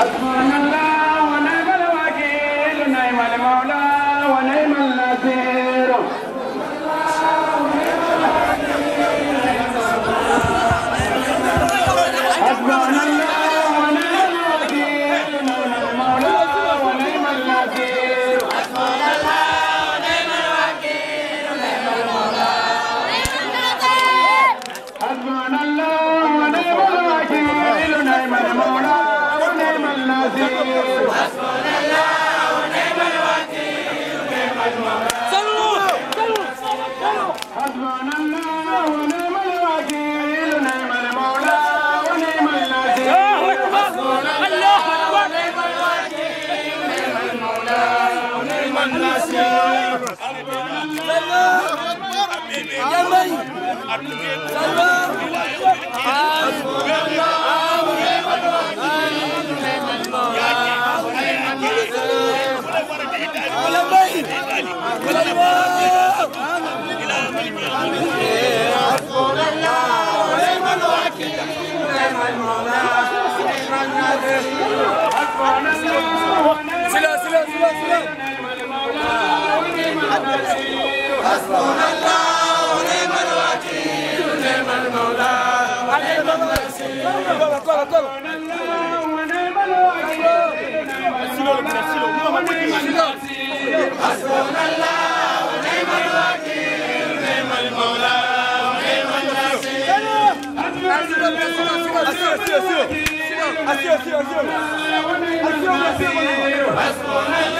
sợ con nó سلا سلا سلا سلا Hasbunallah wa ni'mal wakeel, ni'mal mawla, ni'mal nasir. Hasbunallah wa ni'mal wakeel, ni'mal mawla, ni'mal nasir. Hasbunallah wa ni'mal wakeel, ni'mal mawla, ni'mal nasir. Hasbunallah wa ni'mal wakeel, ni'mal mawla, ni'mal nasir. Hasbunallah wa ni'mal wakeel, ni'mal mawla, ni'mal nasir. Hasbunallah wa ni'mal wakeel, ni'mal mawla, ni'mal nasir. Hasbunallah wa ni'mal wakeel, ni'mal mawla, ni'mal nasir. Hasbunallah wa ni'mal wakeel, ni'mal mawla, ni'mal nasir. Hasbunallah wa ni'mal wakeel, ni'mal mawla, ni'mal nasir. Hasbunallah wa ni'mal wakeel, ni'mal mawla, ni'mal nasir. Hasbunallah wa ni'mal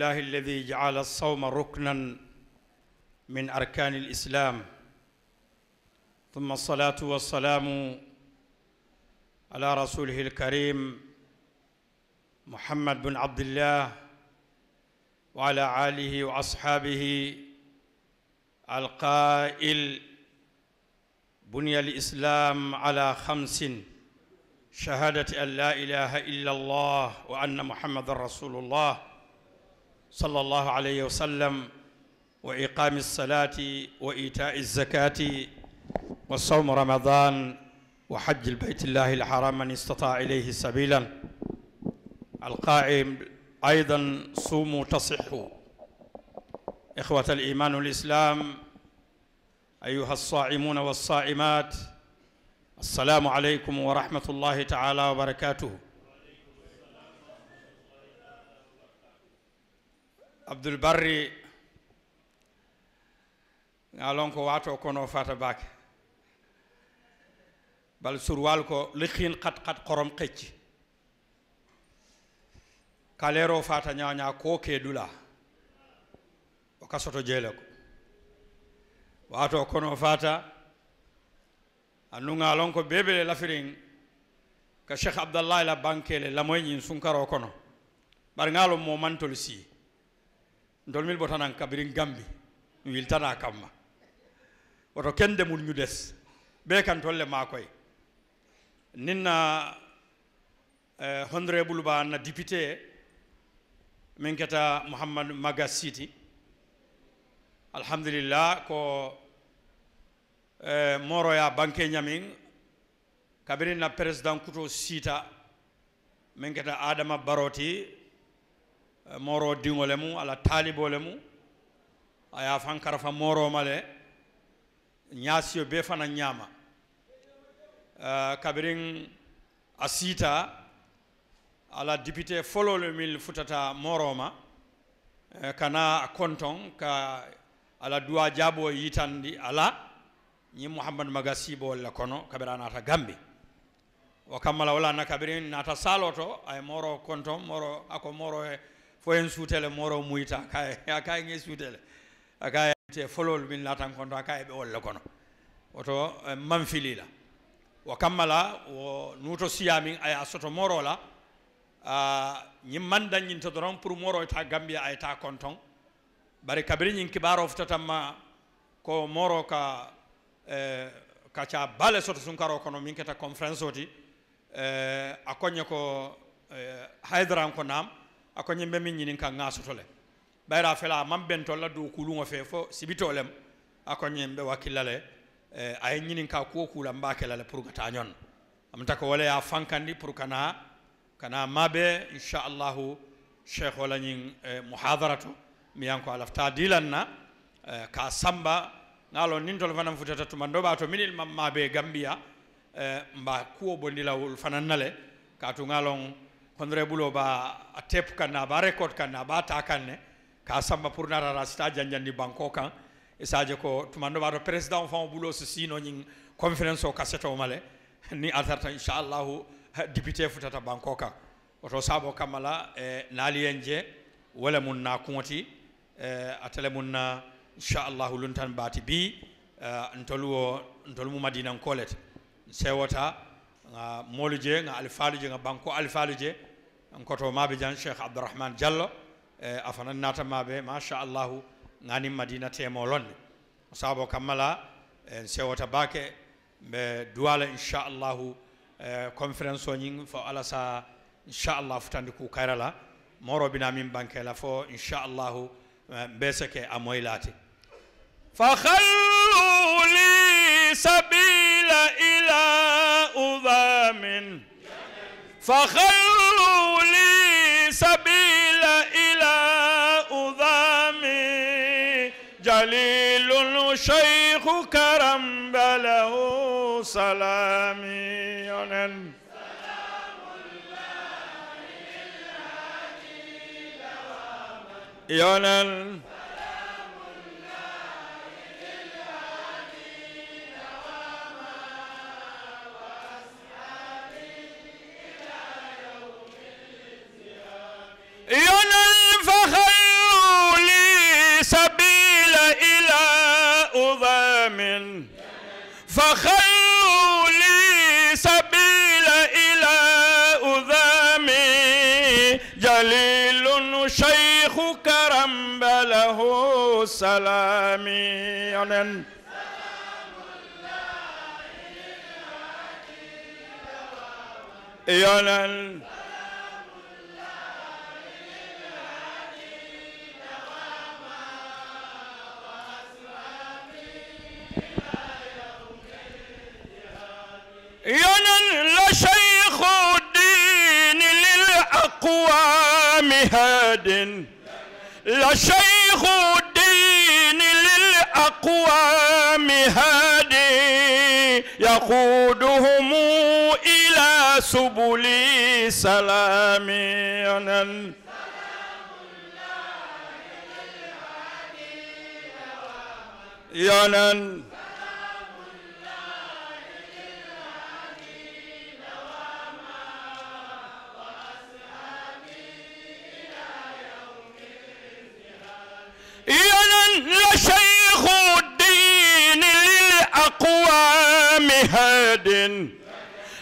لله الذي جعل الصوم ركنا من أركان الإسلام ثم الصلاة والسلام على رسوله الكريم محمد بن عبد الله وعلى آله وأصحابه القائل بني الإسلام على خمس شهادة أن لا إله إلا الله وأن محمد رسول الله صلى الله عليه وسلم وإقام الصلاة وإيتاء الزكاة وصوم رمضان وحج البيت الله الحرام من استطاع إليه سبيلا القائم أيضا صوموا تصحوا إخوة الإيمان الإسلام أيها الصائمون والصائمات السلام عليكم ورحمة الله تعالى وبركاته abdoul barri ngalon ko wato kono fata bake bal surwal ko liqin qat qat qorom xecci kalero fata ñaña ko dula o kasoto jeele ko wato kono fata annu ngalon ko bebele lafirin ka cheikh abdallah la bankele lamoyñin sunkaro kono bar ngalo mo mantol si ndolmil botanan birin gambi wiltana kamma woto kende mun ñu des be kan tolle ma koy ninna eh, honorable ba na député min keta mohammed maga siti alhamdulillah ko eh, ya banque ñamin kabirin na président kuto sita min keta adama baroti Eh, moro diŋo le mu ala taalibo le mu a fankara fa karafa male le ñaasiyo fana ñaama uh, eh, a siita ala député folo le mil futata moroma eh, kana a konton ka ala duwa jabo yitandi ala ni mouhamadou maga siibowol le kono kabirana ta naata gambi wo wala na kabiriŋ naata saalo to a moro konton moro ako moro eh, fo en suutele moro muyta akaye kay nge suutele akaye te folol min latan konto akaye ɓe oh, wolle kono woto eh, la wo kammala wo nuuto siyamin aya eh, soto ah, moro la ñin man daññinta doron pour moro ta gambia ay ta konton bari kabiri ñin kibaro fotatanma ko moro ka eh, kaca bale soto sunkaro kono min keta conférence oti a koñe ko eh, haydaran ko nam ako ñiŋ be miŋ kan kaŋ ŋa soto le fela man maŋ bentol la duu fe fo sibitolem lem ako ñiŋ be wakkilla le eh, a ye ñiniŋ ka kuwo kuu la pour ka taa am tako ko wala ya fankandi pour kana kana mabe inchallahu cheikho la ñiŋ eh, muhadara to mi yanko alafta a lafita eh, ka samba ŋa nindol niŋ futata to mandoba baa to minil mabe gambia gambiya eh, mba kuwo bondila la fananale ka na ngalong honorable bulo ba a tep kanna ba record kanna ba ta kanne ka samba pour narara sita janjandi banko kan e je ko tumando baɗo président fan bulo so sinoñin conférence o kaset o male ni altarta inchallahu député futata banko kan oto sabo kammala e naali en je wala mun na kuŋoti e atele mun na inchallahu tan baati bi e, ntolu o ntolu mu madina kolete sewota ga molu je nga alfalu je ga banko alfalu je انكوتو ما بجان شيخ عبد الرحمن جلو آه، افنان ناتا ما بي ما شاء الله ناني مدينه تيمولون صابو كملا آه، سيو تباكي بدوال ان شاء الله كونفرنسونين آه، فو على سا ان شاء الله فتاندكو كيرلا مورو بنا من بانكيلا فو ان شاء الله بيسكي امويلاتي فخلوا لي سبيل الى اظام فخلوا جليل وشيخ كرم بله سلامي سلام الله الهادي فخلوا لي سبيل إلى أذامي جليل شيخ كرم بله سلامي سلام الله يا ينن لشيخ الدين للأقوام هاد لشيخ الدين للأقوام هاد يقودهم إلى سبل سلام ينن يا نن محمد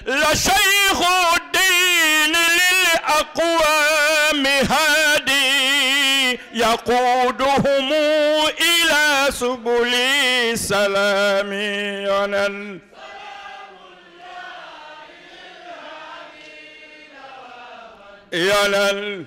لشيخ الدين للأقوام هادي يقودهم إلى سبل السلام يا ينال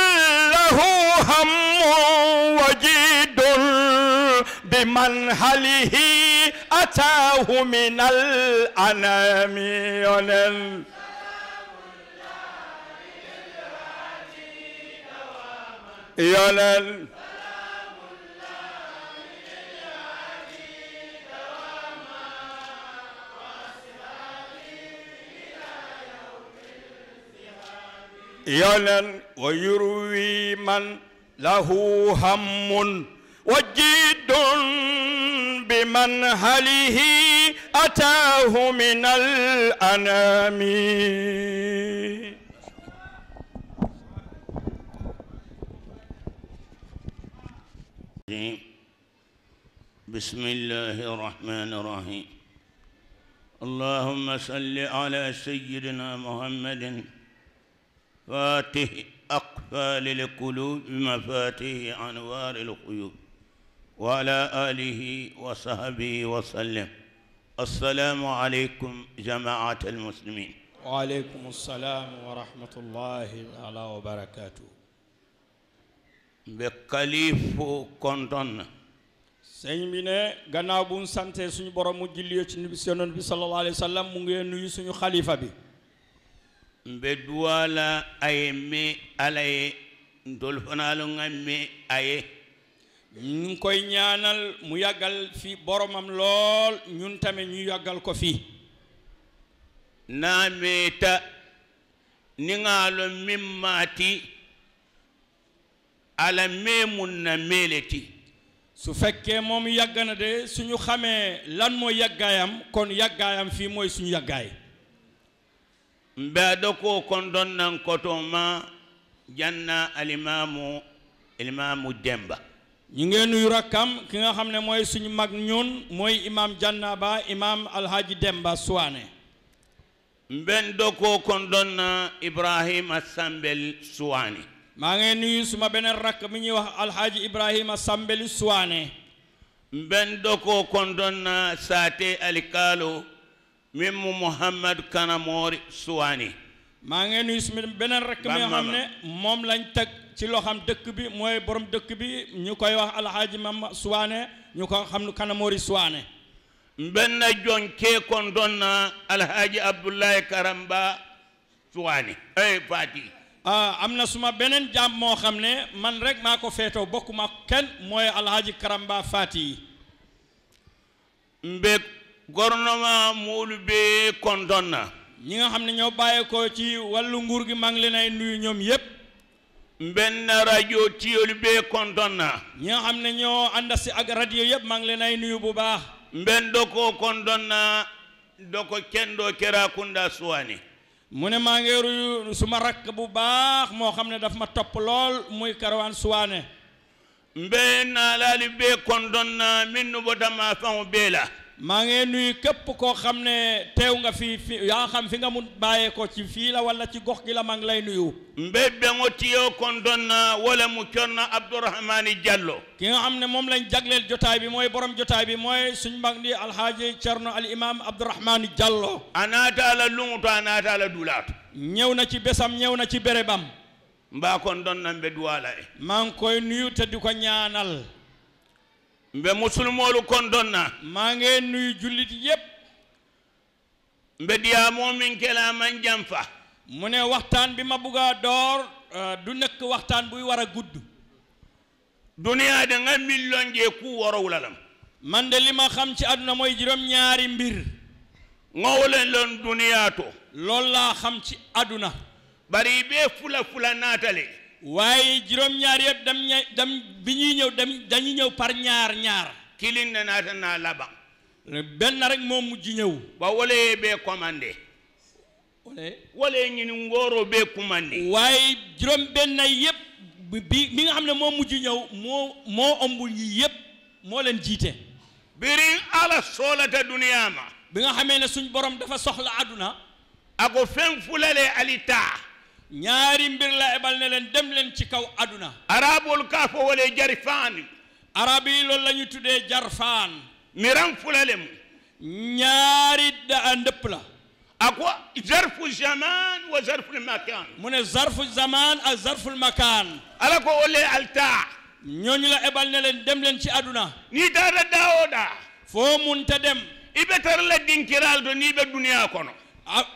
هم وجيد بمنهله أتاه من الأنام ينل ينل يلن ويروي من له هم وجيد بمنهله أتاه من الأنام بسم الله الرحمن الرحيم اللهم صل على سيدنا محمد فاته أقفال القلوب مفاتيح أنوار القيوب وعلى آله وصحبه وسلم السلام عليكم جماعة المسلمين وعليكم السلام ورحمة الله تعالى وبركاته بقليف كونتون سيني بنا ne gannaaw bu mu santee suñu borom mu julli ci nabi sallallahu alayhi wa sallam mu ngi mbe duwala aye me ala ye ntolu fanalo ŋa me aye ñu koy ñaanal mu yàggal fi boromam lool ñun tamit ñu yàggal ko fii naa meeta ni ŋa lon min ala mee mun na meele su fekkee moom yàgg na de suñu xamee lan mooy yàggaayam kon yàggaayam fii mooy suñu yàggaay mbeaɗo ko kon donnan koto ma janna alimamu demba ñu ngeen nuyu rakkam ki nga xam ne mooy suñu mag ñun mooy imam janna ba imam alhaji demba suwane mben ɗo ko kon donna ibrahima sambel suwane maa ngeen nuyu suma beneen rakk mi ñuy wax alhaji ibrahima sambeli suwane mben ɗo ko kon donna saate alikalo min mu Mouhamed Kana Mori Suwaani. maa ngi nuyu suñu beneen rek. mi xam ne moom lañ teg ci loo dëkk bi mooy borom dëkk bi ñu koy wax alhaji Mama Suwaane ñu ko xam ne Suwaane. mbenn jon keekon doon na alhaji Abdoulaye Karamba Suwaane. ay Fati. Ah, am na suma beneen jàmm moo xam ne man rek maa ko feetoo bokkuma kenn mooy alhaji Karamba Fati. mbéeg. gouvernement Mawlu Beye kontoon na. ñi nga xam ne ñoo bàyyeekoo ci wàllu nguur gi maa leen ay nuyu ñoom yépp benn rajo Thiel bee kontoon na. ñi nga xam ne ñoo ànd si ak rajo yépp maa ngi leen ay nuyu bu baax. mben doko kontoon na doko kendo Kerakunda Suwani. mu ne maa ngi ruyu suma rakk bu baax moo xam ne dafa ma topp lool muy karawaan Suwane. mbe naa laali bee kontoon na min nu bota maa faŋu bee la. maa ngi nuyu képp koo xam nga fi fi xam fi nga mun bàyyee ko ci la wala ci gox gi la maa ngi lay nuyu ngo kon wala mu abdurrahmani Abdourahmani Diallo ki nga xam ne moom lañ jagleel jotaay bi alhaji borom alimam bi mooy suñ mag ni alhaaji Cerno al imam Diallo la la ñëw na ci besam ñëw na ci bérébam mbaa kon doon na mbe duwaala koy nuyu te di ñaanal mbe musulmoolu kondon na maa ngi nuyu jullit yépp mbe diyaa moo man jam fa mu waxtaan bi ma bugg a door euh, du nekk waxtaan buy war a gudd duniyaa da nga million jee ku worow la lam man de li ma xam ci àdduna mooy juróom mbir ŋowo len loon duniyaa to loolu laa xam ci àdduna bari bee fula fula naatale waaye juróom-ñaar yëpp bi ñuy ñëw dam dañuy ñëw par ñaar ñaar kilin na naata naa laba benn rek moom mujj ñëw ba walee bee commandé walee ñu ni ngóoro bee commandé waaye juróom benn yëpp bi mi nga xam ne moo mujj ñëw moo moo ëmb yi yëpp moo leen jiite birin ala soolata duniyaa bi nga xamee ne suñ borom dafa soxla àdduna ako fen fulale ali ñaari mbir la ebal ne leen dem leen ci kaw aduna arabol ol kafo wala jari faani arab yi loolu la ñu tuddee jarfaan miran fulalem ñaari da ah, ndëpp la ako zarfu zaman wa zarfu makan mune ne zarfu zaman a zarfu makan ala ko ole alta ñooñu la ebal ne leen dem leen ci aduna ni dara dawo da fo ta dem ibe tar la dinkiral do ni be duniya kono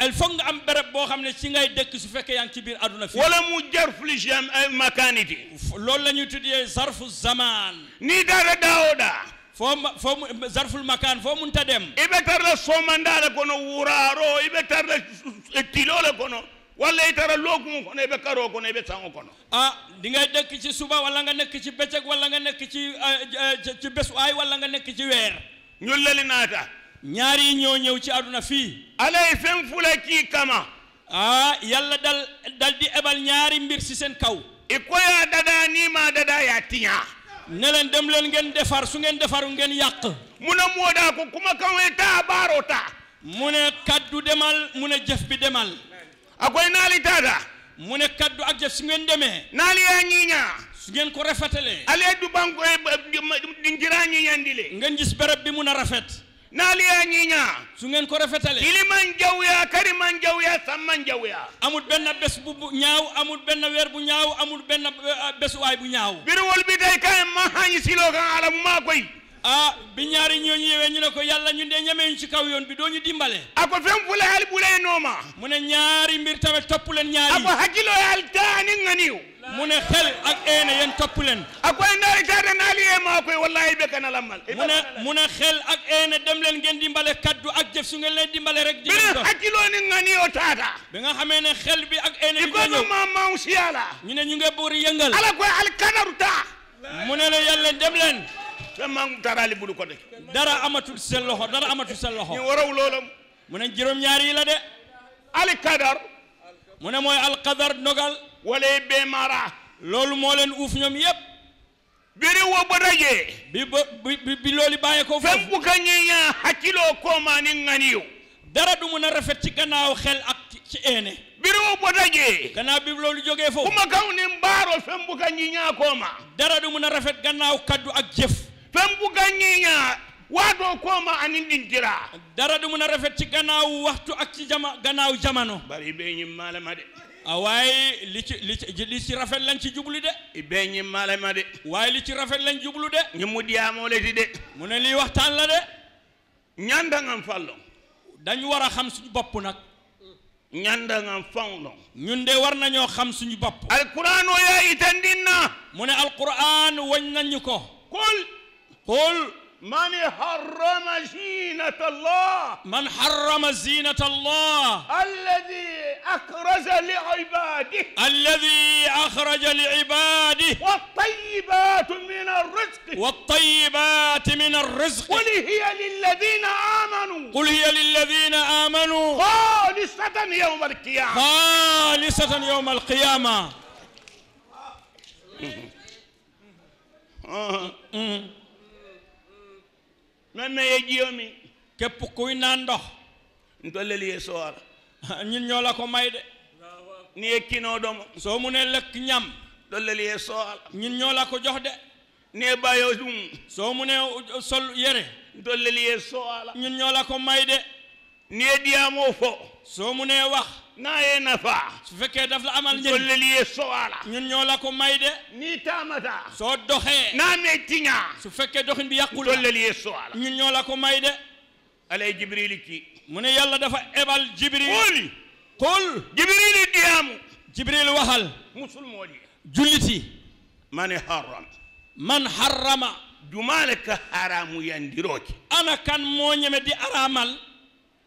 il faut nga am béréb boo xam ne ci ngay dëkk su fekkee yaa ngi ci biir àdduna fi wala mu jarfu li jam makaniti loolu la ñuy tuddee zarfu zaman ni dara daawoda fo fo zarful makan fo munta dem ibe tarla somandala kono wuraro ibe tarla tilola kono walla itara lookumu kono ibe karoo kono ibe sango kono ah di ngay dëkk ci suba wala nga nekk ci bëccëg wala nga nekk ci ci bésu aay wala nga nekk ci weer ñu lali naata ñaari ñoo ñëw ci aduna fii alay fen fula kii kama ah, yalla dal dal di ebal ñaari mbir si seen kaw i koya dadaa nii ma dadaa yaa tiñaa ne leen dem leen ngeen defar su ngeen defar ngeen yàq mu ne moo daa ko kuma kawee taa baaroo taa mu ne kaddu demal mu ne jëf bi demal a koy naali taata mu ne kaddu ak jëf su ngeen demee naali yaa ñiiñaa su ngeen ko rafetalee ale du banko eh, dinkiraa ñiiñandi le ngeen jis béréb bi mun a rafet naaliya ñiña sungen ngeen ko rafetale kiliman jawya kariman jawya samman jawya amul benna bes bu ñaaw amul benna weer bu ñaaw amul benna eh, bésuwaay bu ñaaw wol bi day kay ma hañi silo kan ala mu maa koy a ah, bi ñaari ñooñu yewee ñu ne ko yalla ñun de ñame ci kaw yoon bi doo ñu dimbale ako fen fule hal ɓulee nooma mu ne ñaari mbir tamit topp leen ñaari ako hakkiloo hal taani ŋaniw mu ne xel ak eene yéen topp leen akoy naari kaade naali yee maa koy wallahi be kana lamal mu ne xel ak ene dem len ngeen dimbale kaddu ak jëf su ngeen leen dimbale rek di ngeen dox hakkiloo ni ngani o tata bi nga xamé ne xel bi ak eene ikono ma ma si ñu ne ñu nge buur yëngal ala koy al kanaru ta mu yàlla dem len te ma ngi taraali bulu ko de dara amatul seen loxo dara amatul seen loxo ñu waraw lolam mu ne ñaar yi la de al kadar mu ne mooy alqadar dogal wala bee mara loolu moo leen uuf ñoom yépp biri wo bodajee bi bi bi loolu bàyyee ko foofu fen buka ñeña hakkiloo koomaani ŋaniyu dara du mun a rafet ci gannaaw xel ak ci eene biri wo bodajee gannaaw bi loolu jógee foofu kuma kaw ni mbaaro fen buka ñiñaa kooma dara du mun a rafet gannaaw kaddu ak jëf fen buka ñeña waadoo kooma anin ɗintira dara ɗum a rafet ci gannaaw waxtu ak ci jama gannaaw jamano bari ɓe ñimmalema de waaye li ci rafet lañ ci jublu de i ɓe ñimmalema de waaye li ci rafet lañ jublu de ñi muɗiyamoleti de mu ne lii waxtaan la de ñandangam fallon dañu war a xam suñu bopp nag ñandangam fallon ñun de war nañoo xam suñu bopp alquran o yaa itandin na mu ne alquran wañ nañu ko xool xool من حرم زينة الله من حرم زينة الله الذي أكرز لعباده الذي أخرج لعباده والطيبات من الرزق والطيبات من الرزق قل هي للذين آمنوا قل هي للذين آمنوا خالصة يوم القيامة خالصة يوم القيامة آه. non naye jiyomi képp kuy naan ndox ntolleli ye soowara ñun ñoo la ko may de ni ye kinoo domo soo mu lekk ñam tolleli ye soowara ñun ñoo la ko jox de ni bayo dum soo mu sol yére ntolleli ye soowara ñun ñoo ko may de نيديامو فو سومني واخ ناي نفع فكي داف لا امال نين كل لي سوالا نين نيو لاكو مايدي ني تامتا سو دوخي نامي تينا سو فكي دوخين بي يقول كل لي سوالا نين نيو لاكو مايدي علي جبريل كي من يالا دافا ابال جبريل جبريل ديامو جبريل مسلم ولي جلتي من حرم من حرم جمالك حرام يندروك انا كان ارامل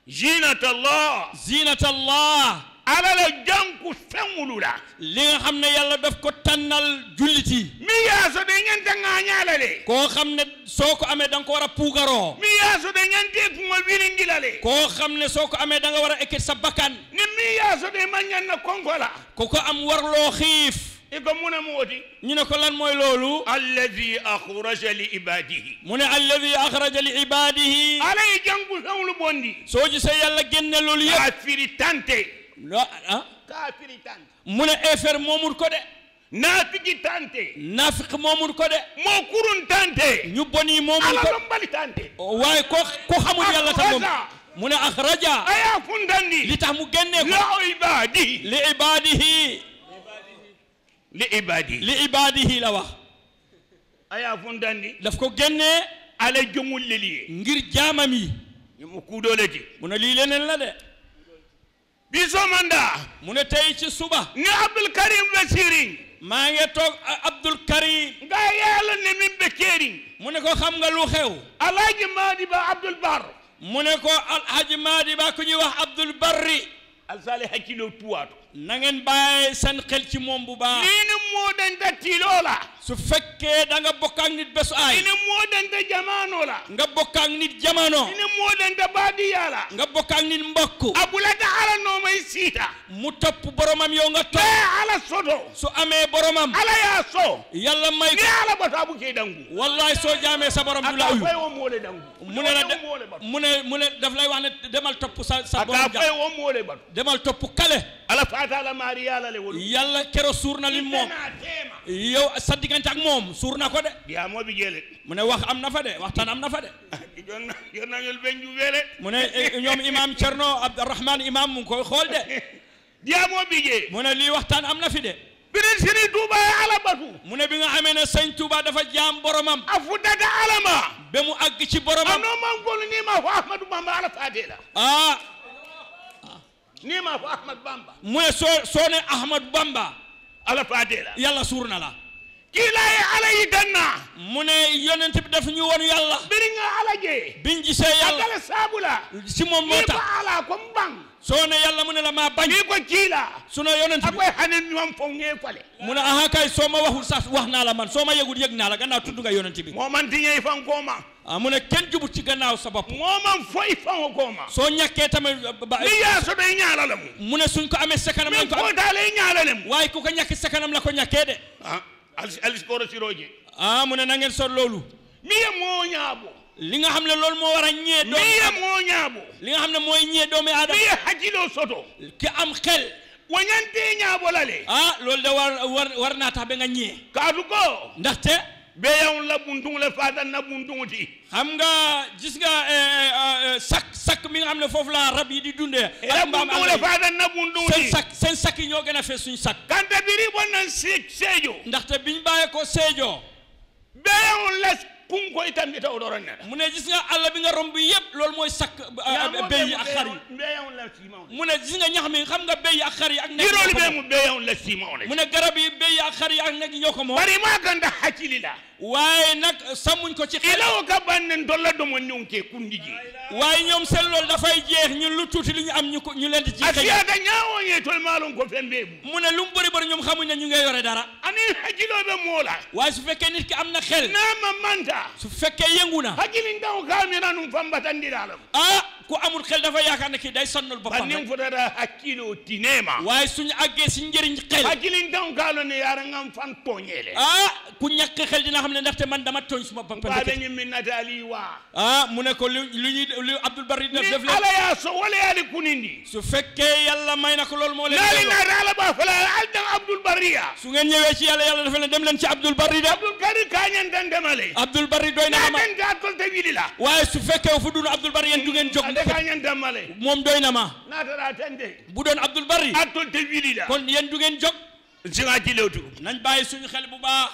zinata allah zinata allah alala janku feŋolu la li nga xam ne yàlla daf ko tànnal jullit yi mi yaaso de ñanta ŋaañaa la le koo xam ne soo ko amee da nga ko war a puugaroo mi yaaso de ñantee kuŋo wiringi la le koo xam ne soo ko amee danga nga war a ekkit sa bakkan ni mi yaaso de ma ñan na konko la ko ko am warloo xiif iko muna moti ñina ko lan moy lolu alladhi akhraja li ibadihi muna alladhi akhraja li ibadihi alay jangu sawlu bondi soji sa yalla genna lolu yeb kafiri tante no ah kafiri tante muna efer momul ko de nafiki tante nafik momul ko de mo kurun tante ñu boni momul ko ala mbali tante way ko ko xamul yalla tan mom muna akhraja aya fundandi litax mu genne ko li ibadihi li ibadihi لعباده لعباده لوا ايا فونداني دافكو ген على جمول للي غير جامامي يمكو دولتي من لي لنن لا دي بيزو مندا من تاي سي صبا عبد الكريم بشيري ما يتوك عبد الكريم غا يالا ني من بكيري من كو خمغا لو خيو الحاج مادي با عبد البر من كو الحاج مادي با كوني واخ عبد البر الصالح كيلو تواتو na ngeen bàyyi seen xel ci moom bu baax niina moo danta tiiloo la su fekkee danga nga bokk ak nit bésu aay niina moo danta jamaano la nga bokk nit jamano niina moo danta baadiyaa la nga bokk ak nit mbokk abulata ala noomay siita mu topp boromam yow nga topp ala soto su amee boromam ala yaa so yàlla may ko ala bata bu kee dangu wallahi soo jaamee sa borom du la uyu wo moole dangu mu ne la mu mu ne daf wax ne demal topp sa sa borom demal topp kale taala maari yàlla le wolu yàlla kero suur na li moom yow sa diggante ak moom suur na ko de biyaa moo bi jeele mu ne wax am na fa de waxtaan am na fa de jon jon nañol ben ju weele mu ne ñoom imam Cerno Abdourahman imam mu ngi koy xool de biyaa moo bi jee mu ne lii waxtaan am na fi de birin sëriñ Tuuba alabatu mu ne bi nga xamee ne sëñ Tuuba dafa jaam boromam afu dada alama ba mu àgg ci boromam ano ma ngolu ni ma fa Ahmadu Bamba ala faade la ah ni ma fo ahmad bamba mu ne soo soo ne ahmad bamba ala faadela yàlla suur na la kiilaaye ala yi mu ne yonent bi daf ñu woon yàlla biri nga ala jee biñ gisee yàlla akala saabu si moom moo tax ala ko mbaŋ soo ne yàlla mu ne la maa bañ nii ko kiila su ne yonent bi akoy xane ñoom foog ngee fale mu ne aha kay soo ma waxul sax wax naa la man soo ma yëgul yëg naa la gannaaw tudd nga yonent bi moo man tiñey fan koo mu ne kenn jubut ci gannaaw sa bopp moomam foy fango gooma soo ñàkkee tamit ni yaa so day ñaalala mu mu ne suñ ko amee sa kanam ko ko daalee ñaalale mu waaye ku ko ñàkk la ko ñàkkee de ah alis kooro sirooji ah mu ne na ngeen sor loolu mi ye moo ñaabo li nga xam ne loolu moo war a ñee doom mi ye moo ñaabo li nga xam ne mooy ñee doomi aadama mi soto ki am xel wañante ñaabo lale le ah loolu da war war war naa tax ba nga ñee kaatu ko ndaxte be yow la buntung le faata na buntunguti xam nga gis nga sak sak mi nga xam ne foofu la rab yi di dundee la buntung le faata na buntunguti seen sak seen sak yi ñoo gën a fees suñ sak kante biri bon na seejo ndaxte biñ bàyyee ko seejo be yow la kunko itam bi taw doron a mu ne gis nga àll bi nga romb yëpp loolu mooy sak béy a ak xar yi mu ne gis nga ñax mi xam nga béy yi ak xar yi ak nekk mu ne garab yi béy yi ak xar yi ak nekk ñoo ko moom bari maa ganda xacili la waaye nag sammuñ ko ci xelaw ka bannen dolla domo ñonke kundiji waaye ñoom seen loolu dafay jeex ñun lu tuuti li ñu am ñu ko ñu leen di ci asiyaka ñaawoñe tol maalon ko fen beebu mu ne lu mu bëri bëri ñoom xamuñ ne ñu ngay yore dara ani hajilooɓe moola waaye su fekkee nit ki am na xel naama manta su fekkee yëngu na hajilin daw kaamira num fambatandiraalam ah ku amul xel dafa yaakaar ne kii day sonnal boppam bannin fotata hakkilo tinema waaye suñu àggee si njëriñ xel hakkilin tan kaalo ne yaara ngam fan tooñeele ah ku ñàkk xel dina xam ne ndaxte man dama tooñ suma boppam baadañu min nataali waa ah mu ne ko lu lu ñuy lu Abdoul Barry def def ala yaa so wala yaali kunindi su fekkee yàlla may na ko loolu moo leen laali naata ala ba fala al dan Abdoul Barry ya su ngeen ñëwee ci yàlla yàlla dafa leen dem leen ci Abdoul Barry de Abdoul Barry kañen tan demale Abdoul Barry doy na ma waaye su fekkee fu dunu Abdoul Barry yéen du ngeen jóg e moom doy na ma bu doon Abdul Bari kon yéen du ngeen tu nañ bàyyi suñu xel bu baax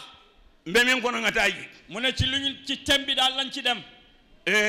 mbe min kono nga taaji mu ne ci luñu ci tem bi daal lañ ci dem eh.